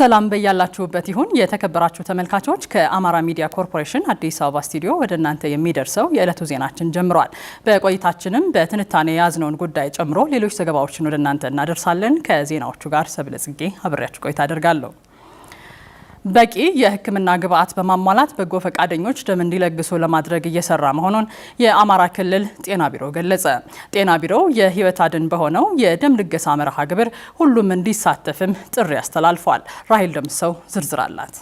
ሰላም በያላችሁበት ይሁን የተከበራችሁ ተመልካቾች። ከአማራ ሚዲያ ኮርፖሬሽን አዲስ አበባ ስቱዲዮ ወደ እናንተ የሚደርሰው የዕለቱ ዜናችን ጀምሯል። በቆይታችንም በትንታኔ የያዝነውን ጉዳይ ጨምሮ ሌሎች ዘገባዎችን ወደ እናንተ እናደርሳለን። ከዜናዎቹ ጋር ሰብለ ጽጌ አብሬያችሁ ቆይታ አደርጋለሁ። በቂ የሕክምና ግብዓት በማሟላት በጎ ፈቃደኞች ደም እንዲለግሱ ለማድረግ እየሰራ መሆኑን የአማራ ክልል ጤና ቢሮ ገለጸ። ጤና ቢሮው የህይወት አድን በሆነው የደም ልገሳ መርሃ ግብር ሁሉም እንዲሳተፍም ጥሪ አስተላልፏል። ራሂል ደምሰው ዝርዝር አላት።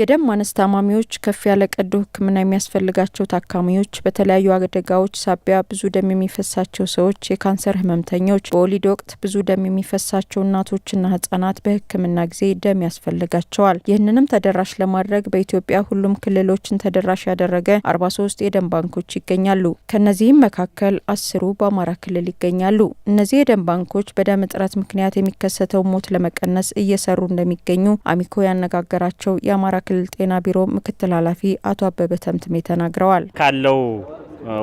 የደም ማነስ ታማሚዎች ከፍ ያለ ቀዶ ሕክምና የሚያስፈልጋቸው ታካሚዎች፣ በተለያዩ አደጋዎች ሳቢያ ብዙ ደም የሚፈሳቸው ሰዎች፣ የካንሰር ህመምተኞች፣ በወሊድ ወቅት ብዙ ደም የሚፈሳቸው እናቶችና ህጻናት በሕክምና ጊዜ ደም ያስፈልጋቸዋል። ይህንንም ተደራሽ ለማድረግ በኢትዮጵያ ሁሉም ክልሎችን ተደራሽ ያደረገ 43 የደም ባንኮች ይገኛሉ። ከእነዚህም መካከል አስሩ በአማራ ክልል ይገኛሉ። እነዚህ የደም ባንኮች በደም እጥረት ምክንያት የሚከሰተው ሞት ለመቀነስ እየሰሩ እንደሚገኙ አሚኮ ያነጋገራቸው የአማራ ክልል ጤና ቢሮ ምክትል ኃላፊ አቶ አበበ ተምትሜ ተናግረዋል። ካለው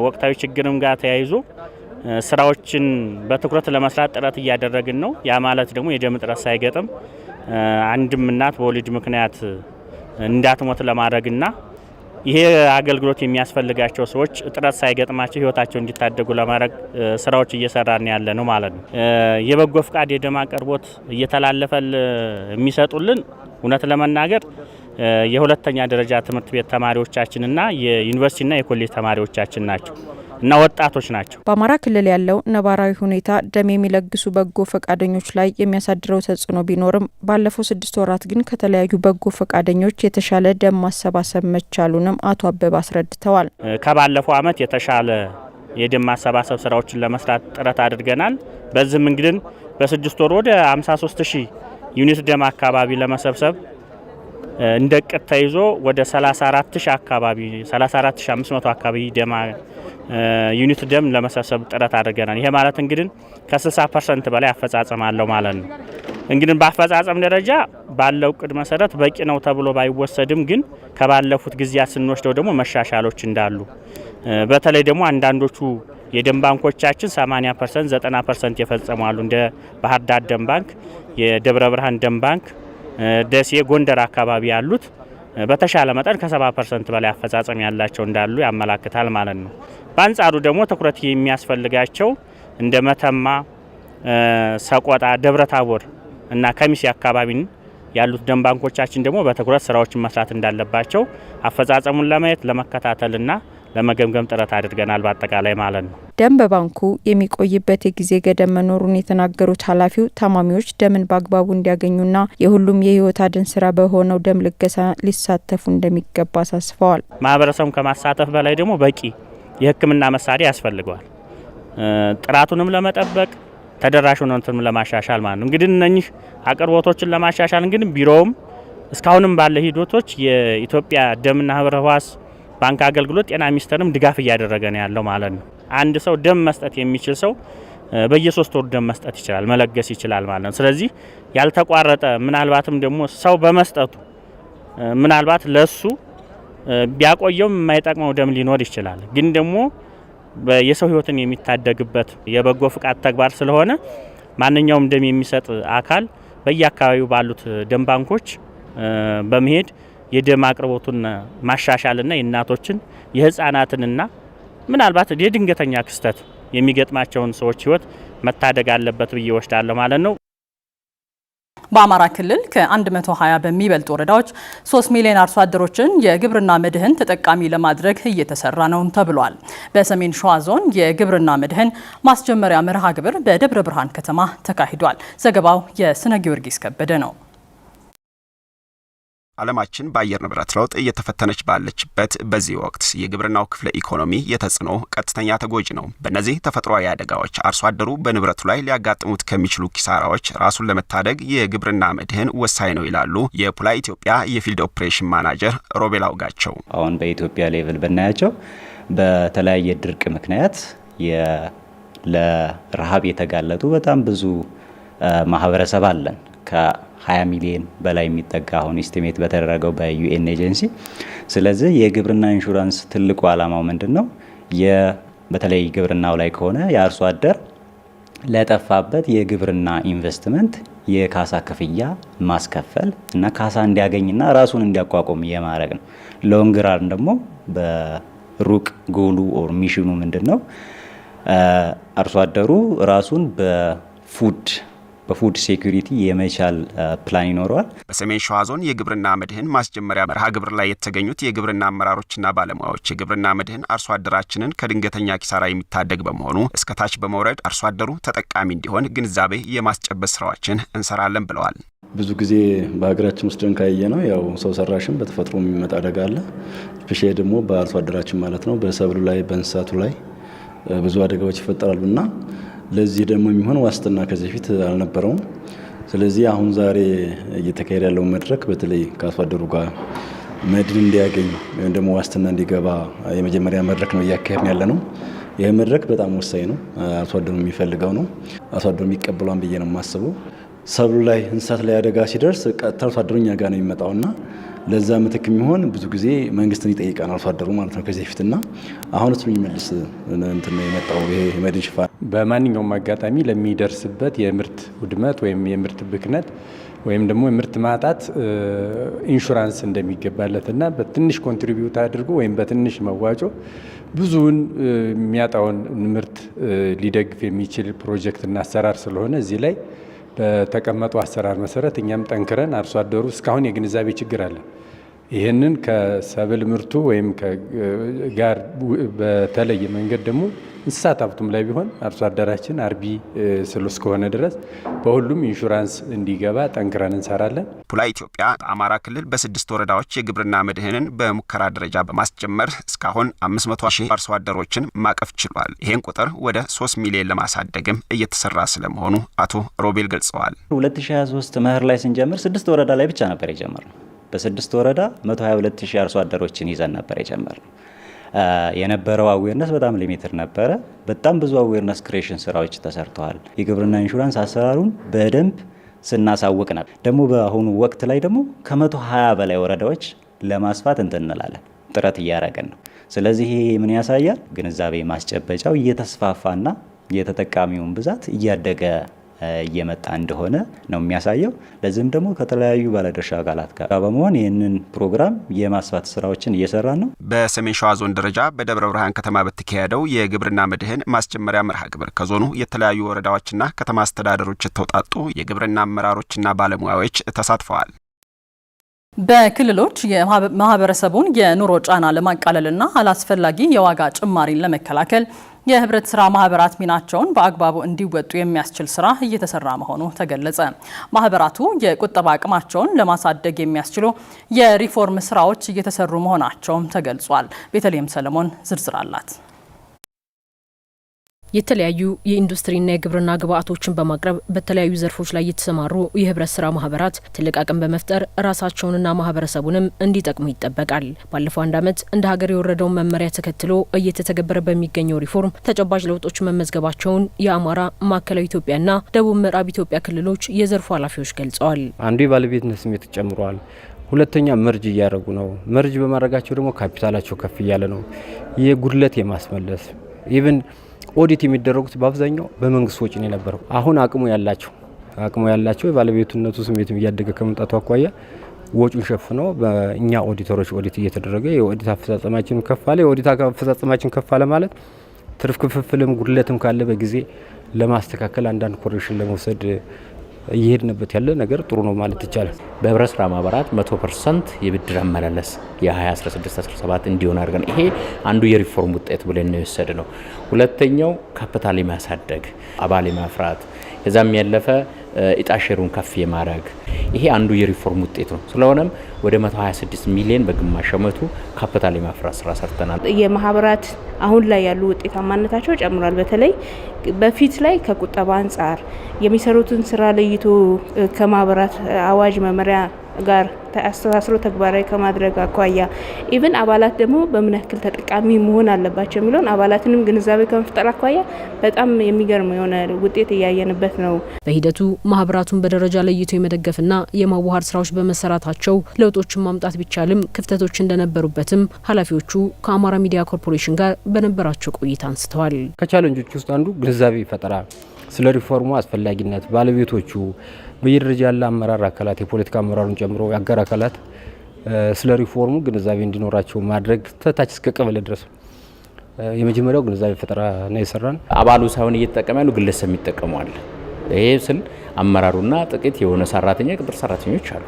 ወቅታዊ ችግርም ጋር ተያይዞ ስራዎችን በትኩረት ለመስራት ጥረት እያደረግን ነው። ያ ማለት ደግሞ የደም እጥረት ሳይገጥም አንድም እናት በወሊድ ምክንያት እንዳትሞት ለማድረግና ይሄ አገልግሎት የሚያስፈልጋቸው ሰዎች እጥረት ሳይገጥማቸው ህይወታቸው እንዲታደጉ ለማድረግ ስራዎች እየሰራን ያለ ነው ማለት ነው። የበጎ ፍቃድ የደም አቅርቦት እየተላለፈ የሚሰጡልን እውነት ለመናገር የሁለተኛ ደረጃ ትምህርት ቤት ተማሪዎቻችንና የዩኒቨርሲቲና የኮሌጅ ተማሪዎቻችን ናቸው እና ወጣቶች ናቸው። በአማራ ክልል ያለው ነባራዊ ሁኔታ ደም የሚለግሱ በጎ ፈቃደኞች ላይ የሚያሳድረው ተጽዕኖ ቢኖርም ባለፈው ስድስት ወራት ግን ከተለያዩ በጎ ፈቃደኞች የተሻለ ደም ማሰባሰብ መቻሉንም አቶ አበባ አስረድተዋል። ከባለፈው ዓመት የተሻለ የደም ማሰባሰብ ስራዎችን ለመስራት ጥረት አድርገናል። በዚህም እንግዲህ በስድስት ወር ወደ 53 ሺህ ዩኒት ደም አካባቢ ለመሰብሰብ እንደ እቅድ ተይዞ ወደ 34000 አካባቢ 34500 አካባቢ ደማ ዩኒት ደም ለመሰብሰብ ጥረት አድርገናል። ይሄ ማለት እንግዲህ ከ60 ፐርሰንት በላይ አፈጻጸም አለው ማለት ነው። እንግዲህ በአፈጻጸም ደረጃ ባለው ቅድ መሰረት በቂ ነው ተብሎ ባይወሰድም ግን ከባለፉት ጊዜያት ስንወስደው ደግሞ መሻሻሎች እንዳሉ በተለይ ደግሞ አንዳንዶቹ የደም ባንኮቻችን 80 ፐርሰንት 90 ፐርሰንት የፈጸሙ አሉ። እንደ ባህር ዳር ደም ባንክ፣ የደብረ ብርሃን ደም ባንክ ደሴ፣ ጎንደር አካባቢ ያሉት በተሻለ መጠን ከ70 ፐርሰንት በላይ አፈጻጸም ያላቸው እንዳሉ ያመላክታል ማለት ነው። በአንጻሩ ደግሞ ትኩረት የሚያስፈልጋቸው እንደ መተማ፣ ሰቆጣ፣ ደብረ ታቦር እና ከሚሴ አካባቢን ያሉት ደም ባንኮቻችን ደግሞ በትኩረት ስራዎችን መስራት እንዳለባቸው አፈጻጸሙን ለማየት ለመከታተልና ለመገምገም ጥረት አድርገናል። በአጠቃላይ ማለት ነው። ደም በባንኩ የሚቆይበት የጊዜ ገደብ መኖሩን የተናገሩት ኃላፊው ታማሚዎች ደምን በአግባቡ እንዲያገኙና የሁሉም የህይወት አድን ስራ በሆነው ደም ልገሳ ሊሳተፉ እንደሚገባ አሳስበዋል። ማህበረሰቡን ከማሳተፍ በላይ ደግሞ በቂ የህክምና መሳሪያ ያስፈልገዋል። ጥራቱንም ለመጠበቅ ተደራሽነቱንም ለማሻሻል ማለት ነው። እንግዲህ እነኚህ አቅርቦቶችን ለማሻሻል እንግዲህ ቢሮውም እስካሁንም ባለ ሂደቶች የኢትዮጵያ ደምና ህብረ ህዋስ ባንክ አገልግሎት ጤና ሚኒስቴርም ድጋፍ እያደረገ ነው ያለው ማለት ነው። አንድ ሰው ደም መስጠት የሚችል ሰው በየሶስት ወሩ ደም መስጠት ይችላል፣ መለገስ ይችላል ማለት ነው። ስለዚህ ያልተቋረጠ ምናልባትም ደግሞ ሰው በመስጠቱ ምናልባት ለሱ ቢያቆየውም የማይጠቅመው ደም ሊኖር ይችላል። ግን ደግሞ የሰው ህይወትን የሚታደግበት የበጎ ፍቃድ ተግባር ስለሆነ ማንኛውም ደም የሚሰጥ አካል በየአካባቢው ባሉት ደም ባንኮች በመሄድ የደም አቅርቦቱን ማሻሻልና የእናቶችን የህፃናትንና ምናልባት የድንገተኛ ክስተት የሚገጥማቸውን ሰዎች ህይወት መታደግ አለበት ብዬ ወስዳለሁ ማለት ነው። በአማራ ክልል ከ120 በሚበልጡ ወረዳዎች 3 ሚሊዮን አርሶ አደሮችን የግብርና መድህን ተጠቃሚ ለማድረግ እየተሰራ ነው ተብሏል። በሰሜን ሸዋ ዞን የግብርና መድህን ማስጀመሪያ መርሃ ግብር በደብረ ብርሃን ከተማ ተካሂዷል። ዘገባው የስነ ጊዮርጊስ ከበደ ነው። ዓለማችን በአየር ንብረት ለውጥ እየተፈተነች ባለችበት በዚህ ወቅት የግብርናው ክፍለ ኢኮኖሚ የተጽዕኖ ቀጥተኛ ተጎጂ ነው። በእነዚህ ተፈጥሯዊ አደጋዎች አርሶ አደሩ በንብረቱ ላይ ሊያጋጥሙት ከሚችሉ ኪሳራዎች ራሱን ለመታደግ የግብርና መድህን ወሳኝ ነው ይላሉ የፑላ ኢትዮጵያ የፊልድ ኦፕሬሽን ማናጀር ሮቤል አውጋቸው። አሁን በኢትዮጵያ ሌቭል ብናያቸው በተለያየ ድርቅ ምክንያት ለረሃብ የተጋለጡ በጣም ብዙ ማህበረሰብ አለን። ከ20 ሚሊዮን በላይ የሚጠጋ አሁን ኢስቲሜት በተደረገው በዩኤን ኤጀንሲ። ስለዚህ የግብርና ኢንሹራንስ ትልቁ ዓላማው ምንድን ነው? በተለይ ግብርናው ላይ ከሆነ የአርሶ አደር ለጠፋበት የግብርና ኢንቨስትመንት የካሳ ክፍያ ማስከፈል እና ካሳ እንዲያገኝና ራሱን እንዲያቋቁም የማድረግ ነው። ሎንግራን ደግሞ በሩቅ ጎሉ ኦር ሚሽኑ ምንድን ነው? አርሶ አደሩ ራሱን በፉድ በፉድ ሴኩሪቲ የመቻል ፕላን ይኖረዋል። በሰሜን ሸዋ ዞን የግብርና መድህን ማስጀመሪያ መርሃ ግብር ላይ የተገኙት የግብርና አመራሮችና ባለሙያዎች የግብርና መድህን አርሶ አደራችንን ከድንገተኛ ኪሳራ የሚታደግ በመሆኑ እስከታች በመውረድ አርሶ አደሩ ተጠቃሚ እንዲሆን ግንዛቤ የማስጨበስ ስራዎችን እንሰራለን ብለዋል። ብዙ ጊዜ በሀገራችን ውስጥ ካየ ነው ያው ሰው ሰራሽም በተፈጥሮ የሚመጣ አደጋ አለ። ፒሼ ደግሞ በአርሶ አደራችን ማለት ነው በሰብሉ ላይ በእንስሳቱ ላይ ብዙ አደጋዎች ይፈጠራሉና ለዚህ ደግሞ የሚሆን ዋስትና ከዚህ በፊት አልነበረውም። ስለዚህ አሁን ዛሬ እየተካሄደ ያለው መድረክ በተለይ ከአርሶ አደሩ ጋር መድን እንዲያገኝ ወይም ደግሞ ዋስትና እንዲገባ የመጀመሪያ መድረክ ነው እያካሄድ ያለ ነው። ይህ መድረክ በጣም ወሳኝ ነው። አርሶ አደሩ የሚፈልገው ነው። አርሶ አደሩ የሚቀበሏን ብዬ ነው የማስበው። ሰብሉ ላይ እንስሳት ላይ አደጋ ሲደርስ ቀጥታ አርሶ አደሩ እኛ ጋር ነው የሚመጣውና ለዛ ምትክ የሚሆን ብዙ ጊዜ መንግስትን ይጠይቃል አርሶ አደሩ ማለት ነው ከዚህ ፊትና አሁን እሱ የሚመልስ እንትን የመጣው ይሄ የመድን ሽፋን በማንኛውም አጋጣሚ ለሚደርስበት የምርት ውድመት ወይም የምርት ብክነት ወይም ደግሞ የምርት ማጣት ኢንሹራንስ እንደሚገባለት እንደሚገባለትና በትንሽ ኮንትሪቢዩት አድርጎ ወይም በትንሽ መዋጮ ብዙውን የሚያጣውን ምርት ሊደግፍ የሚችል ፕሮጀክትና አሰራር ስለሆነ እዚህ ላይ በተቀመጠው አሰራር መሰረት እኛም ጠንክረን አርሶ አደሩ እስካሁን የግንዛቤ ችግር አለ ይህንን ከሰብል ምርቱ ወይም ጋር በተለየ መንገድ ደግሞ እንስሳት ሀብቱም ላይ ቢሆን አርሶ አደራችን አርቢ ስሉ እስከሆነ ድረስ በሁሉም ኢንሹራንስ እንዲገባ ጠንክረን እንሰራለን። ፑላ ኢትዮጵያ በአማራ ክልል በስድስት ወረዳዎች የግብርና መድህንን በሙከራ ደረጃ በማስጀመር እስካሁን 500 ሺህ አርሶ አደሮችን ማቀፍ ችሏል። ይህን ቁጥር ወደ 3 ሚሊዮን ለማሳደግም እየተሰራ ስለመሆኑ አቶ ሮቤል ገልጸዋል። 2023 መኸር ላይ ስንጀምር ስድስት ወረዳ ላይ ብቻ ነበር የጀመርነው በስድስት ወረዳ 122 ሺህ አርሶ አደሮችን ይዘን ነበር የጀመርነው። የነበረው አዌርነስ በጣም ሊሚትድ ነበረ። በጣም ብዙ አዌርነስ ክሬሽን ስራዎች ተሰርተዋል። የግብርና ኢንሹራንስ አሰራሩን በደንብ ስናሳውቅ ነበር። ደግሞ በአሁኑ ወቅት ላይ ደግሞ ከ120 በላይ ወረዳዎች ለማስፋት እንትንላለን ጥረት እያደረገን ነው። ስለዚህ ይሄ ምን ያሳያል? ግንዛቤ ማስጨበጫው እየተስፋፋና የተጠቃሚውን ብዛት እያደገ እየመጣ እንደሆነ ነው የሚያሳየው። ለዚህም ደግሞ ከተለያዩ ባለድርሻ አካላት ጋር በመሆን ይህንን ፕሮግራም የማስፋት ስራዎችን እየሰራ ነው። በሰሜን ሸዋ ዞን ደረጃ በደብረ ብርሃን ከተማ በተካሄደው የግብርና መድህን ማስጀመሪያ መርሃ ግብር ከዞኑ የተለያዩ ወረዳዎችና ከተማ አስተዳደሮች የተውጣጡ የግብርና አመራሮችና ባለሙያዎች ተሳትፈዋል። በክልሎች የማህበረሰቡን የኑሮ ጫና ለማቃለልና አላስፈላጊ የዋጋ ጭማሪን ለመከላከል የህብረት ስራ ማህበራት ሚናቸውን በአግባቡ እንዲወጡ የሚያስችል ስራ እየተሰራ መሆኑ ተገለጸ። ማህበራቱ የቁጠባ አቅማቸውን ለማሳደግ የሚያስችሉ የሪፎርም ስራዎች እየተሰሩ መሆናቸውም ተገልጿል። ቤተልሔም ሰለሞን ዝርዝር አላት። የተለያዩ የኢንዱስትሪና የግብርና ግብአቶችን በማቅረብ በተለያዩ ዘርፎች ላይ የተሰማሩ የህብረት ስራ ማህበራት ትልቅ አቅም በመፍጠር ራሳቸውንና ማህበረሰቡንም እንዲጠቅሙ ይጠበቃል። ባለፈው አንድ ዓመት እንደ ሀገር የወረደውን መመሪያ ተከትሎ እየተተገበረ በሚገኘው ሪፎርም ተጨባጭ ለውጦች መመዝገባቸውን የአማራ፣ ማዕከላዊ ኢትዮጵያና ደቡብ ምዕራብ ኢትዮጵያ ክልሎች የዘርፉ ኃላፊዎች ገልጸዋል። አንዱ የባለቤትነት ስሜት ጨምሯል። ሁለተኛ መርጅ እያደረጉ ነው። መርጅ በማድረጋቸው ደግሞ ካፒታላቸው ከፍ እያለ ነው። የጉድለት የማስመለስ ኢቭን ኦዲት የሚደረጉት በአብዛኛው በመንግስት ወጪ ነው የነበረው። አሁን አቅሙ ያላቸው አቅሙ ያላቸው የባለቤትነቱ ስሜት እያደገ ከመምጣቱ አኳያ ወጪን ሸፍኖ በእኛ ኦዲተሮች ኦዲት እየተደረገ የኦዲት አፈጻጸማችን ከፍ አለ። የኦዲት አፈጻጸማችን ከፍ አለ ማለት ትርፍ ክፍፍልም ጉድለትም ካለ በጊዜ ለማስተካከል አንዳንድ ኮሬክሽን ለመውሰድ እየሄድንበት ያለ ነገር ጥሩ ነው ማለት ይቻላል። በህብረስራ ስራ ማህበራት 100 ፐርሰንት የብድር አመላለስ የ2016/17 እንዲሆን አድርገን ይሄ አንዱ የሪፎርም ውጤት ብለን ነው የወሰድ ነው። ሁለተኛው ካፒታል የማሳደግ አባል የማፍራት ከዛም ያለፈ ኢጣሽሩን ከፍ የማድረግ ይሄ አንዱ የሪፎርም ውጤት ነው። ስለሆነም ወደ 126 ሚሊዮን በግማሽ ዓመቱ ካፒታል የማፍራት ስራ ሰርተናል። የማህበራት አሁን ላይ ያሉ ውጤታማነታቸው ጨምሯል። በተለይ በፊት ላይ ከቁጠባ አንጻር የሚሰሩትን ስራ ለይቶ ከማህበራት አዋጅ መመሪያ ጋር አስተሳስሮ ተግባራዊ ከማድረግ አኳያ ኢቨን አባላት ደግሞ በምን ያክል ተጠቃሚ መሆን አለባቸው የሚለውን አባላትንም ግንዛቤ ከመፍጠር አኳያ በጣም የሚገርም የሆነ ውጤት እያየንበት ነው። በሂደቱ ማህበራቱን በደረጃ ለይቶ የመደገፍና የማዋሃድ ስራዎች በመሰራታቸው ለውጦችን ማምጣት ቢቻልም ክፍተቶች እንደነበሩበትም ኃላፊዎቹ ከአማራ ሚዲያ ኮርፖሬሽን ጋር በነበራቸው ቆይታ አንስተዋል። ከቻለንጆች ውስጥ አንዱ ግንዛቤ ፈጠራ ስለ ሪፎርሙ አስፈላጊነት ባለቤቶቹ በየደረጃ ያለ አመራር አካላት የፖለቲካ አመራሩን ጨምሮ የአገር አካላት ስለ ሪፎርሙ ግንዛቤ እንዲኖራቸው ማድረግ ተታች እስከ ቀበሌ ድረስ የመጀመሪያው ግንዛቤ ፈጠራ ነው የሰራን። አባሉ ሳይሆን እየተጠቀመ ያሉ ግለሰብ ይጠቀመዋል። ይሄ ስል አመራሩና ጥቂት የሆነ ሰራተኛ ቅጥር ሰራተኞች አሉ።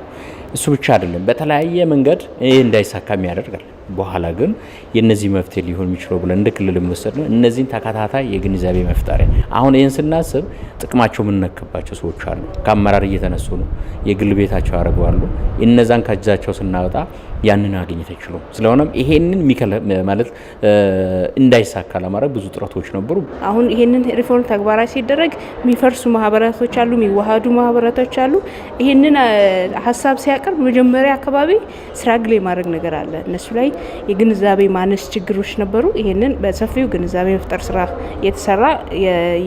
እሱ ብቻ አይደለም፣ በተለያየ መንገድ ይህ እንዳይሳካም ያደርጋል። በኋላ ግን የእነዚህ መፍትሄ ሊሆን የሚችለው ብለን እንደ ክልል የሚወሰድ ነው። እነዚህን ተከታታይ የግንዛቤ መፍጠሪያ አሁን ይህን ስናስብ ጥቅማቸው የምንነክባቸው ሰዎች አሉ። ከአመራር እየተነሱ ነው። የግል ቤታቸው ያደርገዋሉ። እነዛን ከእጃቸው ስናወጣ ያንን አገኘት አይችሉም። ስለሆነም ይሄንን ማለት እንዳይሳካ ለማድረግ ብዙ ጥረቶች ነበሩ። አሁን ይሄንን ሪፎርም ተግባራዊ ሲደረግ የሚፈርሱ ማህበራቶች አሉ፣ የሚዋሃዱ ማህበራቶች አሉ። ይሄንን ሀሳብ ሲያቀርብ መጀመሪያ አካባቢ ስራግሌ ግሌ ማድረግ ነገር አለ እነሱ ላይ የግንዛቤ ማ ማነስ ችግሮች ነበሩ። ይህንን በሰፊው ግንዛቤ መፍጠር ስራ የተሰራ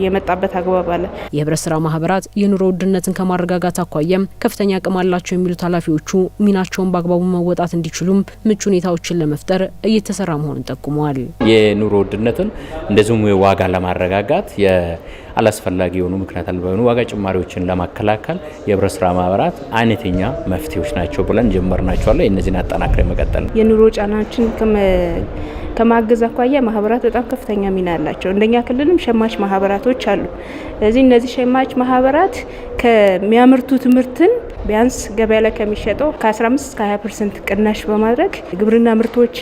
የመጣበት አግባብ አለ። የህብረት ስራ ማህበራት የኑሮ ውድነትን ከማረጋጋት አኳየም ከፍተኛ አቅም አላቸው የሚሉት ኃላፊዎቹ ሚናቸውን በአግባቡ መወጣት እንዲችሉም ምቹ ሁኔታዎችን ለመፍጠር እየተሰራ መሆኑን ጠቁመዋል። የኑሮ ውድነትን እንደዚሁም ዋጋ ለማረጋጋት አላስፈላጊ የሆኑ ምክንያት አልባ የሆኑ ዋጋ ጭማሪዎችን ለማከላከል የህብረት ስራ ማህበራት አይነተኛ መፍትሄዎች ናቸው ብለን ጀመርናቸዋል። እነዚህን አጠናክረን መቀጠል ነው። የኑሮ ጫናችን ከማገዝ አኳያ ማህበራት በጣም ከፍተኛ ሚና አላቸው። እንደኛ ክልልም ሸማች ማህበራቶች አሉ። ስለዚህ እነዚህ ሸማች ማህበራት ከሚያመርቱት ምርትን ቢያንስ ገበያ ላይ ከሚሸጠው ከ15 እስከ 20 ፐርሰንት ቅናሽ በማድረግ ግብርና ምርቶች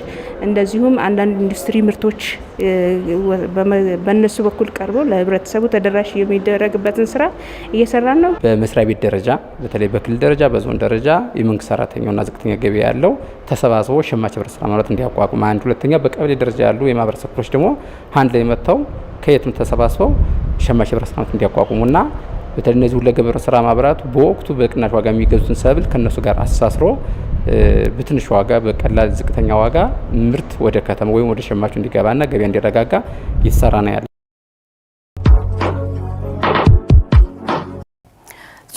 እንደዚሁም አንዳንድ ኢንዱስትሪ ምርቶች በእነሱ በኩል ቀርቦ ለህብረተሰቡ ተደራሽ የሚደረግበትን ስራ እየሰራን ነው። በመስሪያ ቤት ደረጃ በተለይ በክልል ደረጃ፣ በዞን ደረጃ የመንግስት ሰራተኛውና ዝቅተኛ ገቢ ያለው ተሰባስቦ ሸማች ህብረት ስራ ማለት እንዲያቋቁም አንድ፣ ሁለተኛ በቀበሌ ደረጃ ያሉ የማህበረሰብ ክፍሎች ደግሞ አንድ ላይ መጥተው ከየትም ተሰባስበው ሸማች ህብረት ስራ ማለት እንዲያቋቁሙና በተለይ እነዚህ ሁለገብ ስራ ማህበራት በወቅቱ በቅናሽ ዋጋ የሚገዙትን ሰብል ከነሱ ጋር አሳስሮ በትንሽ ዋጋ በቀላል ዝቅተኛ ዋጋ ምርት ወደ ከተማ ወይም ወደ ሸማቹ እንዲገባና ገበያ እንዲረጋጋ ይሰራ ነው ያለ።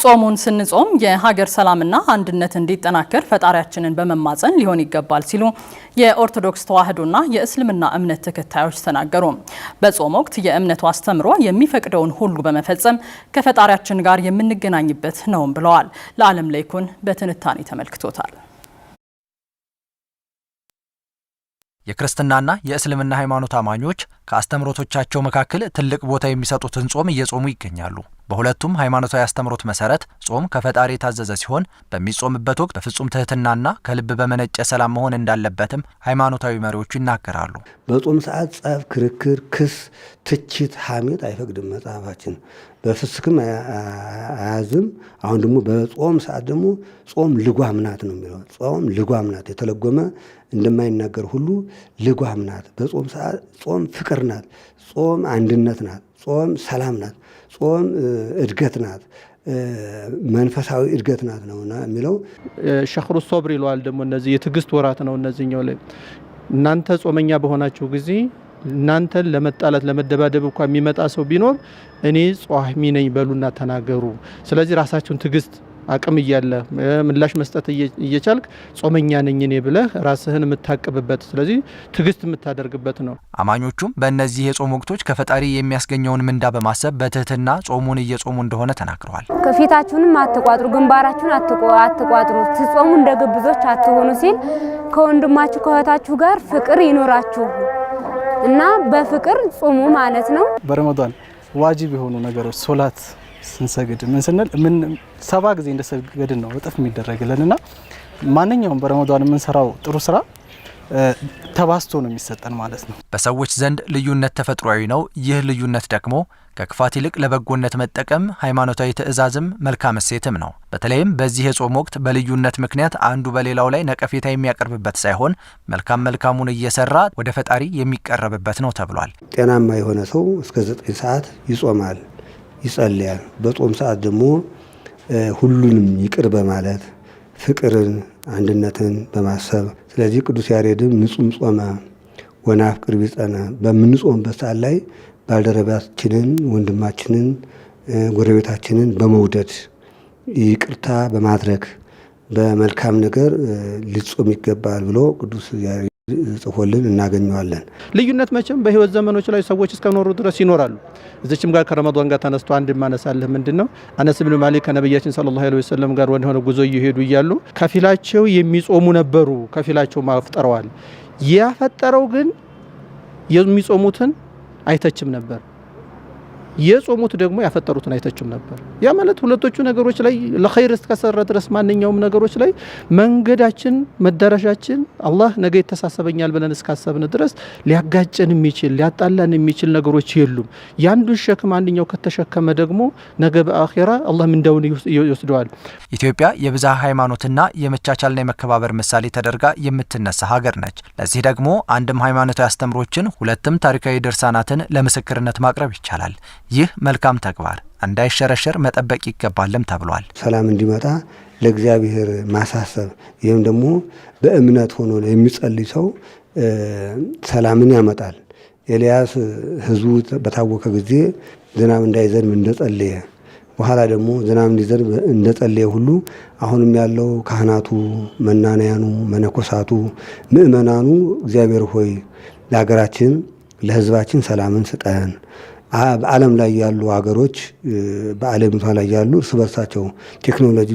ጾሙን ስንጾም የሀገር ሰላምና አንድነት እንዲጠናከር ፈጣሪያችንን በመማጸን ሊሆን ይገባል ሲሉ የኦርቶዶክስ ተዋሕዶና የእስልምና እምነት ተከታዮች ተናገሩ። በጾም ወቅት የእምነቱ አስተምሮ የሚፈቅደውን ሁሉ በመፈጸም ከፈጣሪያችን ጋር የምንገናኝበት ነውም ብለዋል። ለዓለም ላይኩን በትንታኔ ተመልክቶታል። የክርስትናና የእስልምና ሃይማኖት አማኞች ከአስተምሮቶቻቸው መካከል ትልቅ ቦታ የሚሰጡትን ጾም እየጾሙ ይገኛሉ። በሁለቱም ሃይማኖታዊ አስተምሮት መሰረት ጾም ከፈጣሪ የታዘዘ ሲሆን በሚጾምበት ወቅት በፍጹም ትህትናና ከልብ በመነጨ ሰላም መሆን እንዳለበትም ሃይማኖታዊ መሪዎቹ ይናገራሉ። በጾም ሰዓት ጸብ፣ ክርክር፣ ክስ፣ ትችት፣ ሐሜት አይፈቅድም መጽሐፋችን። በፍስክም አያዝም። አሁን ደግሞ በጾም ሰዓት ደግሞ ጾም ልጓምናት ነው የሚለው ጾም ልጓምናት የተለጎመ እንደማይናገር ሁሉ ልጓም ናት። በጾም ሰዓት ጾም ፍቅር ናት። ጾም አንድነት ናት። ጾም ሰላም ናት። ጾም እድገት ናት። መንፈሳዊ እድገት ናት ነው የሚለው። ሸክሩ ሶብር ይለዋል ደግሞ እነዚህ የትዕግስት ወራት ነው። እነዚህኛው ላይ እናንተ ጾመኛ በሆናችሁ ጊዜ እናንተን ለመጣላት ለመደባደብ እንኳ የሚመጣ ሰው ቢኖር እኔ ጿሚ ነኝ በሉና ተናገሩ። ስለዚህ ራሳችሁን ትዕግስት አቅም እያለ ምላሽ መስጠት እየቻልክ ጾመኛ ነኝ እኔ ብለህ ራስህን የምታቅብበት ስለዚህ ትግስት የምታደርግበት ነው። አማኞቹም በእነዚህ የጾም ወቅቶች ከፈጣሪ የሚያስገኘውን ምንዳ በማሰብ በትህትና ጾሙን እየጾሙ እንደሆነ ተናግረዋል። ከፊታችሁንም አትቋጥሩ፣ ግንባራችሁን አትቋጥሩ፣ ትጾሙ እንደ ግብዞች አትሆኑ ሲል ከወንድማችሁ ከእህታችሁ ጋር ፍቅር ይኖራችሁ እና በፍቅር ጾሙ ማለት ነው። በረመን ዋጅብ የሆኑ ነገሮች ሶላት ስንሰግድ ምን ስንል ምን ሰባ ጊዜ እንደሰገድን ነው እጥፍ የሚደረግልን እና ማንኛውም በረመዷን የምንሰራው ጥሩ ስራ ተባስቶ ነው የሚሰጠን ማለት ነው። በሰዎች ዘንድ ልዩነት ተፈጥሯዊ ነው። ይህ ልዩነት ደግሞ ከክፋት ይልቅ ለበጎነት መጠቀም ሃይማኖታዊ ትዕዛዝም መልካም እሴትም ነው። በተለይም በዚህ የጾም ወቅት በልዩነት ምክንያት አንዱ በሌላው ላይ ነቀፌታ የሚያቀርብበት ሳይሆን መልካም መልካሙን እየሰራ ወደ ፈጣሪ የሚቀረብበት ነው ተብሏል። ጤናማ የሆነ ሰው እስከ ዘጠኝ ሰዓት ይጾማል። ይጸልያል። በጾም ሰዓት ደግሞ ሁሉንም ይቅር በማለት ፍቅርን፣ አንድነትን በማሰብ ስለዚህ ቅዱስ ያሬድም ንጹም ጾመ ወናፍቅር ቢጸነ በምንጾምበት ሰዓት ላይ ባልደረባችንን፣ ወንድማችንን፣ ጎረቤታችንን በመውደድ ይቅርታ በማድረግ በመልካም ነገር ሊጾም ይገባል ብሎ ቅዱስ ያሬድ ጽፎልን እናገኘዋለን። ልዩነት መቼም በህይወት ዘመኖች ላይ ሰዎች እስከኖሩ ድረስ ይኖራሉ። እዚችም ጋር ከረመዷን ጋር ተነስቶ አንድ ማነሳለህ ምንድን ነው አነስ ብን ማሊክ ከነቢያችን ሰለላሁ ዐለይሂ ወሰለም ጋር ወደሆነ ጉዞ እየሄዱ እያሉ ከፊላቸው የሚጾሙ ነበሩ፣ ከፊላቸው ማፍጠረዋል። ያፈጠረው ግን የሚጾሙትን አይተችም ነበር። የጾሙት ደግሞ ያፈጠሩትን አይተችም ነበር። ያ ማለት ሁለቶቹ ነገሮች ላይ ለኸይር እስከሰራ ድረስ ማንኛውም ነገሮች ላይ መንገዳችን መዳረሻችን አላህ ነገ ይተሳሰበኛል ብለን እስካሰብን ድረስ ሊያጋጨን የሚችል ሊያጣላን የሚችል ነገሮች የሉም። የአንዱን ሸክም አንደኛው ከተሸከመ ደግሞ ነገ በአኼራ አላህ ምንዳውን ይወስደዋል። ኢትዮጵያ የብዝሃ ሃይማኖትና የመቻቻልና የመከባበር ምሳሌ ተደርጋ የምትነሳ ሀገር ነች። ለዚህ ደግሞ አንድም ሃይማኖታዊ አስተምሮችን ሁለትም ታሪካዊ ድርሳናትን ለምስክርነት ማቅረብ ይቻላል። ይህ መልካም ተግባር እንዳይሸረሸር መጠበቅ ይገባልም ተብሏል። ሰላም እንዲመጣ ለእግዚአብሔር ማሳሰብ፣ ይህም ደግሞ በእምነት ሆኖ የሚጸልይ ሰው ሰላምን ያመጣል። ኤልያስ ህዝቡ በታወከ ጊዜ ዝናብ እንዳይዘንብ እንደጸለየ በኋላ ደግሞ ዝናብ እንዲዘንብ እንደጸለየ ሁሉ አሁንም ያለው ካህናቱ፣ መናንያኑ፣ መነኮሳቱ፣ ምእመናኑ እግዚአብሔር ሆይ ለሀገራችን ለህዝባችን ሰላምን ስጠን ዓለም ላይ ያሉ ሀገሮች በዓለምቷ ላይ ያሉ እርስ በርሳቸው ቴክኖሎጂ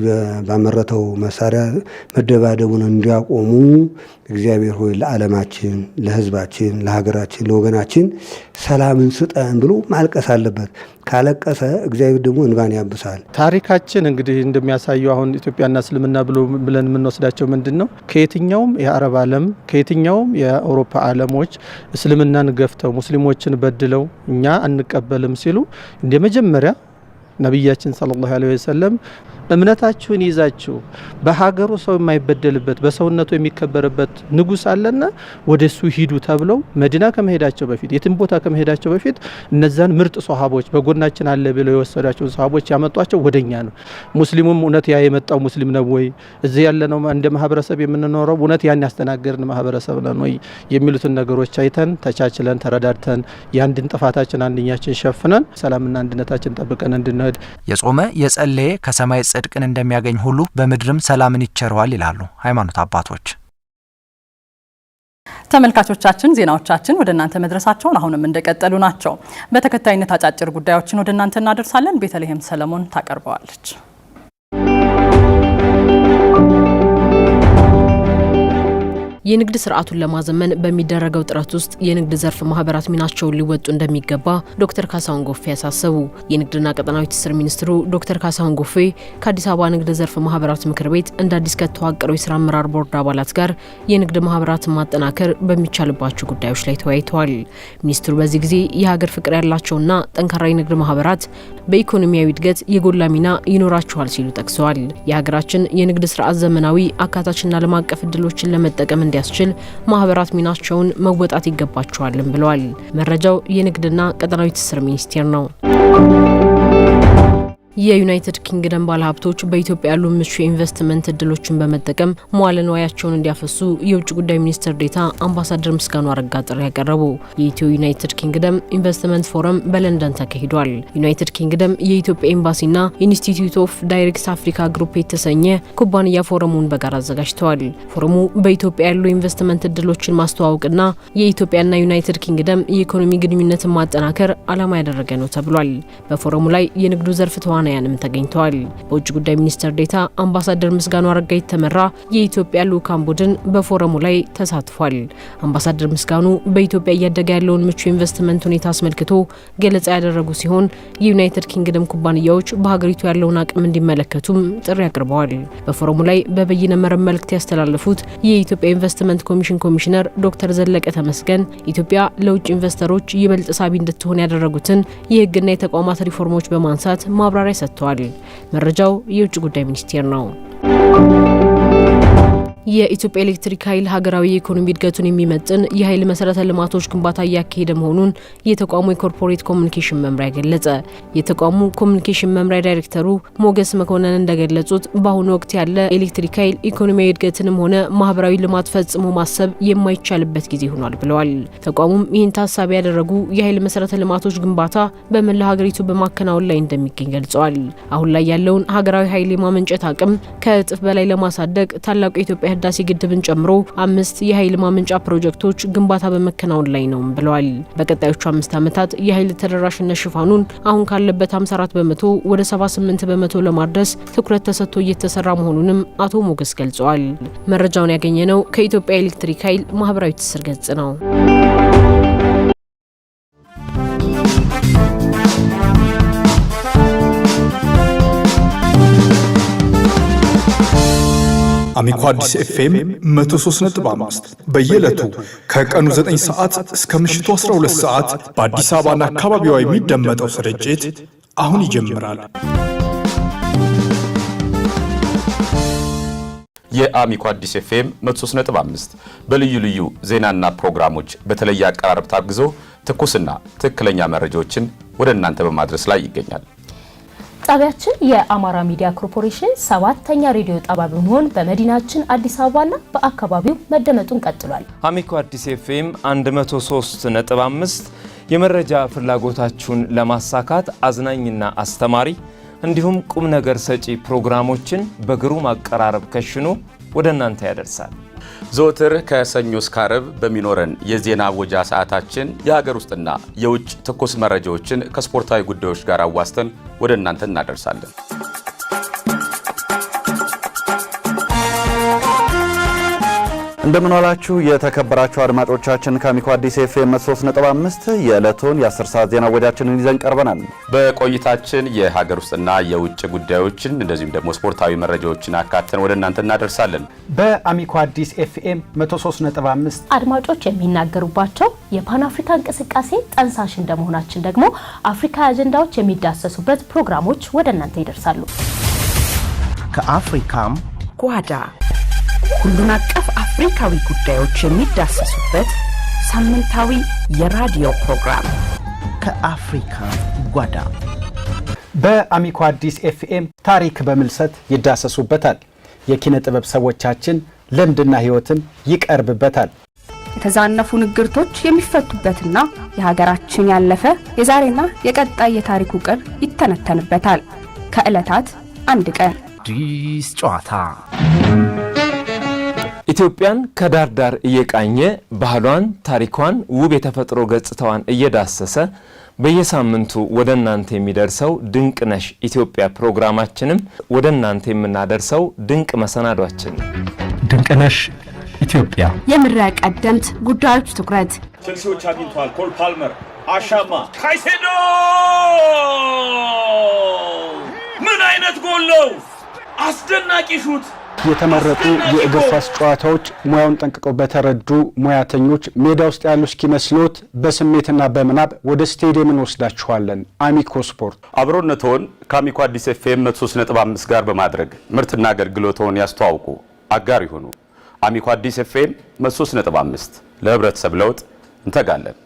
ባመረተው መሳሪያ መደባደቡን እንዲያቆሙ እግዚአብሔር ሆይ ለዓለማችን፣ ለሕዝባችን፣ ለሀገራችን፣ ለወገናችን ሰላምን ስጠን ብሎ ማልቀስ አለበት። ካለቀሰ እግዚአብሔር ደግሞ እንባን ያብሳል። ታሪካችን እንግዲህ እንደሚያሳየው አሁን ኢትዮጵያና እስልምና ብሎ ብለን የምንወስዳቸው ምንድን ነው? ከየትኛውም የአረብ ዓለም ከየትኛውም የአውሮፓ ዓለሞች እስልምናን ገፍተው ሙስሊሞችን በድለው እኛ አንቀበልም ሲሉ እንደመጀመሪያ ነቢያችን ሰለላሁ ዓለይሂ ወሰለም እምነታችሁን ይዛችሁ በሀገሩ ሰው የማይበደልበት በሰውነቱ የሚከበርበት ንጉስ አለና ወደ እሱ ሂዱ ተብለው መዲና ከመሄዳቸው በፊት የትም ቦታ ከመሄዳቸው በፊት እነዛን ምርጥ ሶሀቦች በጎናችን አለ ብለው የወሰዷቸውን ሶሀቦች ያመጧቸው ወደኛ ነው። ሙስሊሙም እውነት ያ የመጣው ሙስሊም ነው ወይ እዚህ ያለነው እንደ ማህበረሰብ የምንኖረው እውነት ያን ያስተናገርን ማህበረሰብ ነን ወይ የሚሉትን ነገሮች አይተን ተቻችለን ተረዳድተን የአንድን ጥፋታችን አንድኛችን ሸፍነን ሰላምና አንድነታችን ጠብቀን እንድንሄድ የጾመ የጸለየ ከሰማይ ጽድቅን እንደሚያገኝ ሁሉ በምድርም ሰላምን ይቸረዋል ይላሉ ሃይማኖት አባቶች። ተመልካቾቻችን ዜናዎቻችን ወደ እናንተ መድረሳቸውን አሁንም እንደቀጠሉ ናቸው። በተከታይነት አጫጭር ጉዳዮችን ወደ እናንተ እናደርሳለን። ቤተልሔም ሰለሞን ታቀርበዋለች። የንግድ ስርዓቱን ለማዘመን በሚደረገው ጥረት ውስጥ የንግድ ዘርፍ ማህበራት ሚናቸውን ሊወጡ እንደሚገባ ዶክተር ካሳሁን ጎፌ ያሳሰቡ። የንግድና ቀጠናዊ ትስስር ሚኒስትሩ ዶክተር ካሳሁን ጎፌ ከአዲስ አበባ ንግድ ዘርፍ ማህበራት ምክር ቤት እንደ አዲስ ከተዋቀረው የስራ አመራር ቦርድ አባላት ጋር የንግድ ማህበራትን ማጠናከር በሚቻልባቸው ጉዳዮች ላይ ተወያይተዋል። ሚኒስትሩ በዚህ ጊዜ የሀገር ፍቅር ያላቸውና ጠንካራ የንግድ ማህበራት በኢኮኖሚያዊ እድገት የጎላ ሚና ይኖራቸዋል ሲሉ ጠቅሰዋል። የሀገራችን የንግድ ስርዓት ዘመናዊ አካታችና ዓለም አቀፍ እድሎችን ለመጠቀም እንዲ እንዲያስችል ማህበራት ሚናቸውን መወጣት ይገባቸዋልም ብለዋል። መረጃው የንግድና ቀጠናዊ ትስስር ሚኒስቴር ነው። የዩናይትድ ኪንግደም ባለሀብቶች በኢትዮጵያ ያሉ ምቹ የኢንቨስትመንት እድሎችን በመጠቀም መዋለ ንዋያቸውን እንዲያፈሱ የውጭ ጉዳይ ሚኒስትር ዴታ አምባሳደር ምስጋኑ አረጋ ጥሪ ያቀረቡ። የኢትዮ ዩናይትድ ኪንግደም ኢንቨስትመንት ፎረም በለንደን ተካሂዷል። ዩናይትድ ኪንግደም የኢትዮጵያ ኤምባሲና ኢንስቲትዩት ኦፍ ዳይሬክት አፍሪካ ግሩፕ የተሰኘ ኩባንያ ፎረሙን በጋራ አዘጋጅተዋል። ፎረሙ በኢትዮጵያ ያሉ ኢንቨስትመንት እድሎችን ማስተዋወቅና የኢትዮጵያና ዩናይትድ ኪንግደም የኢኮኖሚ ግንኙነትን ማጠናከር ዓላማ ያደረገ ነው ተብሏል። በፎረሙ ላይ የንግዱ ዘርፍ ተዋና ተዋናያንም ተገኝተዋል። በውጭ ጉዳይ ሚኒስትር ዴታ አምባሳደር ምስጋኑ አረጋ የተመራ የኢትዮጵያ ልዑካን ቡድን በፎረሙ ላይ ተሳትፏል። አምባሳደር ምስጋኑ በኢትዮጵያ እያደገ ያለውን ምቹ ኢንቨስትመንት ሁኔታ አስመልክቶ ገለጻ ያደረጉ ሲሆን የዩናይትድ ኪንግደም ኩባንያዎች በሀገሪቱ ያለውን አቅም እንዲመለከቱም ጥሪ አቅርበዋል። በፎረሙ ላይ በበይነ መረብ መልእክት ያስተላለፉት የኢትዮጵያ ኢንቨስትመንት ኮሚሽን ኮሚሽነር ዶክተር ዘለቀ ተመስገን ኢትዮጵያ ለውጭ ኢንቨስተሮች ይበልጥ ሳቢ እንድትሆን ያደረጉትን የህግና የተቋማት ሪፎርሞች በማንሳት ማብራሪያ ሰጥተዋል። መረጃው የውጭ ጉዳይ ሚኒስቴር ነው። የኢትዮጵያ ኤሌክትሪክ ኃይል ሀገራዊ የኢኮኖሚ እድገቱን የሚመጥን የኃይል መሰረተ ልማቶች ግንባታ እያካሄደ መሆኑን የተቋሙ የኮርፖሬት ኮሚኒኬሽን መምሪያ ገለጸ። የተቋሙ ኮሚኒኬሽን መምሪያ ዳይሬክተሩ ሞገስ መኮንን እንደገለጹት በአሁኑ ወቅት ያለ ኤሌክትሪክ ኃይል ኢኮኖሚያዊ እድገትንም ሆነ ማህበራዊ ልማት ፈጽሞ ማሰብ የማይቻልበት ጊዜ ሆኗል ብለዋል። ተቋሙም ይህን ታሳቢ ያደረጉ የኃይል መሰረተ ልማቶች ግንባታ በመላ ሀገሪቱ በማከናወን ላይ እንደሚገኝ ገልጸዋል። አሁን ላይ ያለውን ሀገራዊ ኃይል የማመንጨት አቅም ከእጥፍ በላይ ለማሳደግ ታላቁ የኢትዮጵያ ህዳሴ ግድብን ጨምሮ አምስት የኃይል ማመንጫ ፕሮጀክቶች ግንባታ በመከናወን ላይ ነው ብለዋል። በቀጣዮቹ አምስት ዓመታት የኃይል ተደራሽነት ሽፋኑን አሁን ካለበት 54 በመቶ ወደ 78 በመቶ ለማድረስ ትኩረት ተሰጥቶ እየተሰራ መሆኑንም አቶ ሞገስ ገልጸዋል። መረጃውን ያገኘ ነው ከኢትዮጵያ ኤሌክትሪክ ኃይል ማህበራዊ ትስስር ገጽ ነው። አሚኮ አዲስ ኤፍኤም 135 በየዕለቱ ከቀኑ 9 ሰዓት እስከ ምሽቱ 12 ሰዓት በአዲስ አበባና አካባቢዋ የሚደመጠው ስርጭት አሁን ይጀምራል። የአሚኮ አዲስ ኤፍኤም 135 በልዩ ልዩ ዜናና ፕሮግራሞች በተለየ አቀራረብ ታግዞ ትኩስና ትክክለኛ መረጃዎችን ወደ እናንተ በማድረስ ላይ ይገኛል። ጣቢያችን የአማራ ሚዲያ ኮርፖሬሽን ሰባተኛ ሬዲዮ ጣቢያ በመሆን በመዲናችን አዲስ አበባና በአካባቢው መደመጡን ቀጥሏል። አሚኮ አዲስ ኤፍኤም 103.5 የመረጃ ፍላጎታችሁን ለማሳካት አዝናኝና አስተማሪ እንዲሁም ቁም ነገር ሰጪ ፕሮግራሞችን በግሩም አቀራረብ ከሽኑ ወደ እናንተ ያደርሳል። ዘወትር ከሰኞ እስከ አርብ በሚኖረን የዜና ወጃ ሰዓታችን የሀገር ውስጥና የውጭ ትኩስ መረጃዎችን ከስፖርታዊ ጉዳዮች ጋር አዋስተን ወደ እናንተ እናደርሳለን። እንደምንዋላችሁ የተከበራችሁ አድማጮቻችን ከአሚኮ አዲስ ኤፍኤም 3.5 የዕለቱን የ10 ሰዓት ዜና ወዳችንን ይዘን ቀርበናል። በቆይታችን የሀገር ውስጥና የውጭ ጉዳዮችን እንደዚሁም ደግሞ ስፖርታዊ መረጃዎችን አካተን ወደ እናንተ እናደርሳለን። በአሚኮ አዲስ ኤፍኤም 103.5 አድማጮች የሚናገሩባቸው የፓን አፍሪካ እንቅስቃሴ ጠንሳሽ እንደመሆናችን ደግሞ አፍሪካ አጀንዳዎች የሚዳሰሱበት ፕሮግራሞች ወደ እናንተ ይደርሳሉ። ከአፍሪካም ጓዳ ሁሉን አቀፍ አፍሪካዊ ጉዳዮች የሚዳሰሱበት ሳምንታዊ የራዲዮ ፕሮግራም ከአፍሪካ ጓዳ በአሚኮ አዲስ ኤፍኤም ታሪክ በምልሰት ይዳሰሱበታል። የኪነ ጥበብ ሰዎቻችን ልምድና ሕይወትም ይቀርብበታል። የተዛነፉ ንግርቶች የሚፈቱበትና የሀገራችን ያለፈ የዛሬና የቀጣይ የታሪክ ውቅር ይተነተንበታል። ከዕለታት አንድ ቀን ዲስ ጨዋታ ኢትዮጵያን ከዳር ዳር እየቃኘ ባህሏን፣ ታሪኳን፣ ውብ የተፈጥሮ ገጽታዋን እየዳሰሰ በየሳምንቱ ወደ እናንተ የሚደርሰው ድንቅ ነሽ ኢትዮጵያ ፕሮግራማችንም ወደ እናንተ የምናደርሰው ድንቅ መሰናዷችን ድንቅ ነሽ ኢትዮጵያ የምድሪያ ቀደምት ጉዳዮች ትኩረት ቼልሲዎች አግኝተዋል። ኮል ፓልመር፣ አሻማ፣ ካይሴዶ ምን አይነት ጎል ነው! አስደናቂ ሹት የተመረጡ የእግር ኳስ ጨዋታዎች ሙያውን ጠንቅቀው በተረዱ ሙያተኞች ሜዳ ውስጥ ያሉ እስኪመስሎት በስሜትና በምናብ ወደ ስቴዲየም እንወስዳችኋለን። አሚኮ ስፖርት አብሮነትዎን ከአሚኮ አዲስ ኤፍኤም 135 ጋር በማድረግ ምርትና አገልግሎትዎን ያስተዋውቁ፣ አጋር ይሁኑ። አሚኮ አዲስ ኤፍኤም 135 ለህብረተሰብ ለውጥ እንተጋለን።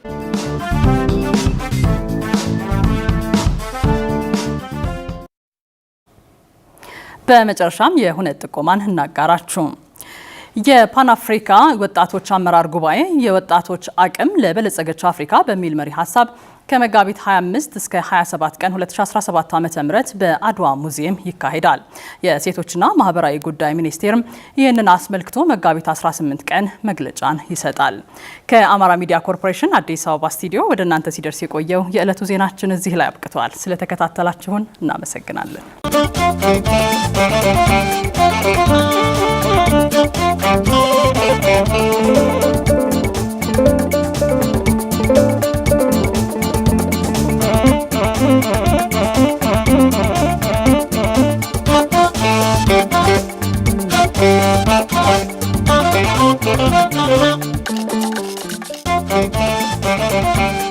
በመጨረሻም የሁነት ጥቆማን እናጋራችሁ። የፓን አፍሪካ ወጣቶች አመራር ጉባኤ የወጣቶች አቅም ለበለጸገች አፍሪካ በሚል መሪ ሀሳብ ከመጋቢት 25 እስከ 27 ቀን 2017 ዓ.ም በአድዋ ሙዚየም ይካሄዳል። የሴቶችና ማህበራዊ ጉዳይ ሚኒስቴርም ይህንን አስመልክቶ መጋቢት 18 ቀን መግለጫን ይሰጣል። ከአማራ ሚዲያ ኮርፖሬሽን አዲስ አበባ ስቱዲዮ ወደ እናንተ ሲደርስ የቆየው የዕለቱ ዜናችን እዚህ ላይ አብቅቷል። ስለተከታተላችሁን እናመሰግናለን። Thank you.